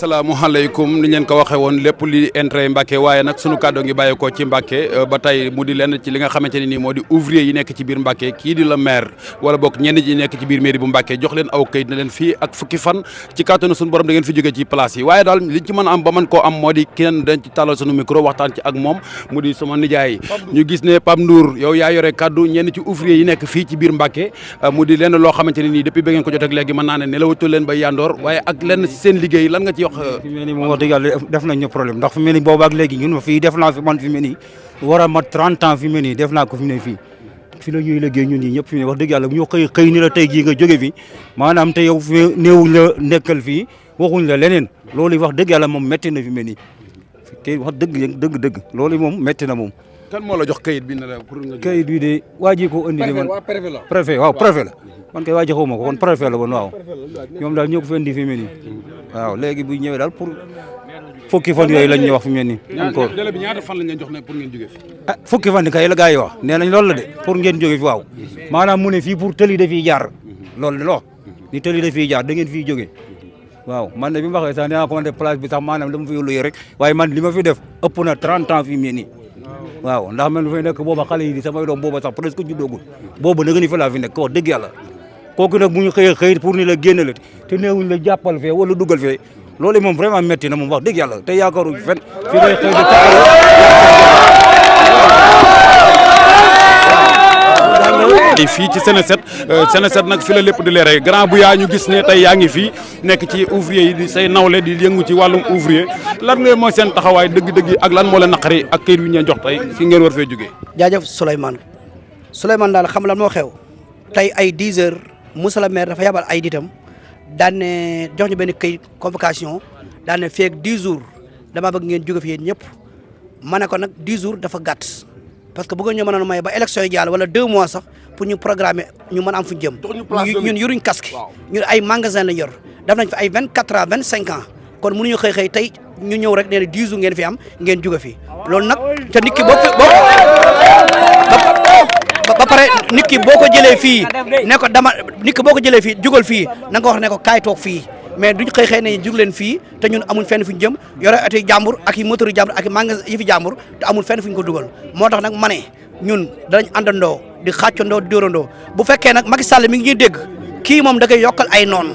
asalaamaaleykum ni leen ko waxee won lépp li intérêt Mbacke waaye nak sunu kàddoo ngi bàyyeekoo ci Mbacke euh, ba tey mu di lenn ci li nga xamante ne nii moo di ouvrier yi nekk ci biir Mbacke kii di la maire wala bok ñenn ñi nekk ci biir mairie bu Mbacke jox leen aw kayit ne leen fii ak fukki fan ci kàttanu sunu borom da ngeen fi jógee ci place yi waaye daal liñ ci mën am ba mën koo am ci sunu micro waxtaan ci ak moom mu di sama nijaay ñu gis ne Pape Ndour yow yore kàddu ñenn ci ouvrier yi nekk fii ci biir Mbacke euh, mu di lenn loo xamante depuis ngeen ko jot ak léegi mën naa ne nelawutu leen ba ak lenn seen liggéey lan nga ci jox. Euh, fi mu ne nii moom wax dëgg yàlla def nañ ñu problème ndax fi mu ne nii boobaag léegi ñun war a mat 30 ans fi mu def naa ko fi mu ne fi la ñuy liggéey ñun ñii ñëpp fi mu ne wax dëgg yàlla bu ñu xëy xëy ni la tey jii nga jóge fi maanaam te yow néewuñ la fii waxuñ la leneen loolu wax dëgg yàlla moom métti na fi mu ne nii wax dëgg dëgg dëgg loolu moom métti na moom. kan moo la jox kayit bi ne la nga. kayit bi de waa ko indi de man préfet waaw préfet la man kay waa ji xawma ko kon préfet la woon waaw ñoom daal ñoo ko fi fi mu waaw léegi bu ñëwee daal pour fukki fan yooyu lañ ñu wax fu mu fan lañ leen jox pour ngeen jóge fi. ah fukki fan kay la gars yi wax nee nañ loolu de pour ngeen jóge fi waaw maanaam mu ne fii pour tëli dafiy jaar loolu de loo ni tëli dafiy jaar da ngeen fiy jóge waaw man de bi ma waxee sax nee naa commandé place bi sax maanaam dama fi luy rek waaye man li ma fi def ëpp na 30 ans fi mu ne nii waaw ndax man lu fay nekk booba xale yi di samay doom booba sax presque juddoogul booba nag ni fa laa fi nekk wax dëgg yàlla kooku nag bu ñu xëyee xëy pour ni la génne la te néewuñ la jàppal fee wala dugal fee loolu moom vraiment métti na moom wax dëgg yàlla te yaakaaru fen fi ngay xëy di fii ci Seneset euh, Seneset nag fi la lépp di leeree grand bu yaa ñu gis ne tey yaa ngi fii nekk ci ouvrier yi di say nawle di yëngu ci wàllum ouvrier lan ngay mooy seen taxawaay dëgg-dëgg ak lan moo la naqari ak kër yu ñu jox tey fi ngeen war fee jógee. jaajëf Souleymane Souleymane daal xam lan moo Moussa la maire dafa yabal ay ditam daan ne jox ñu benn këyit convocation daan ne feeg 10 jours damaa bëgg ngeen jóge fi yéen ñëpp ma ne ko nag 10 jours dafa gàtt parce que bëggoon ñu mënoon may ba élection yi jàll wala 2 mois sax pour ñu programmer ñu mën am fu jëm. ñun yoruñ casque. ñun ay magasin la yor def nañ fi ay 24 ans 25 ans kon mënuñu xëy xëy tey ñu ñëw rek nee na 10 ngeen fi am ngeen jóge fi ah, loolu nag te nit pare nit ki boo ko jëlee fii ne ko dama nit ki boo ko jëlee fii jugal fii na wax ne ko kaay toog fii mais duñ xëy xëy ne jug leen fii te ñun amuñ fenn fuñ jëm yore ati jàmbur ak i moteur yi jàmbur ak i manga yi fi jàmbur te amul fenn fuñ ko dugal moo tax nag ma ne ñun danañ àndandoo di xàccandoo di dóorandoo bu fekkee nag mag i Sall mi ngi ñuy dégg kii moom da yokkal ay noonu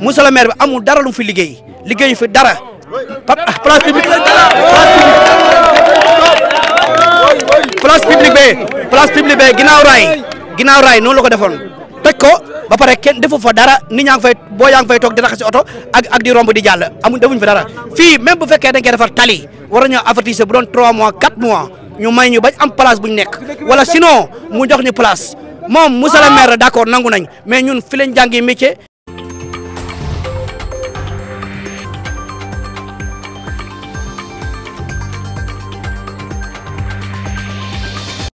monsieur le maire bi amul dara lu mu fi liggéey liggéeyu fi dara ah, place publique la dara place ñëwee place publique bee ginnaaw raay ginnaaw raay defoon toj ko defu fa dara nit ñaa fay boo yaa fay toog di raxasi oto ak di romb di jàll amuñ defuñ fa dara fii même bu fekkee dañ defar tali war nañoo avertir bu doon 3 mois 4 mois ñu may ñu bañ am place buñ nekk wala sinon mu jox ñu place moom monsieur le maire nangu nañ mais ñun fi lañ métier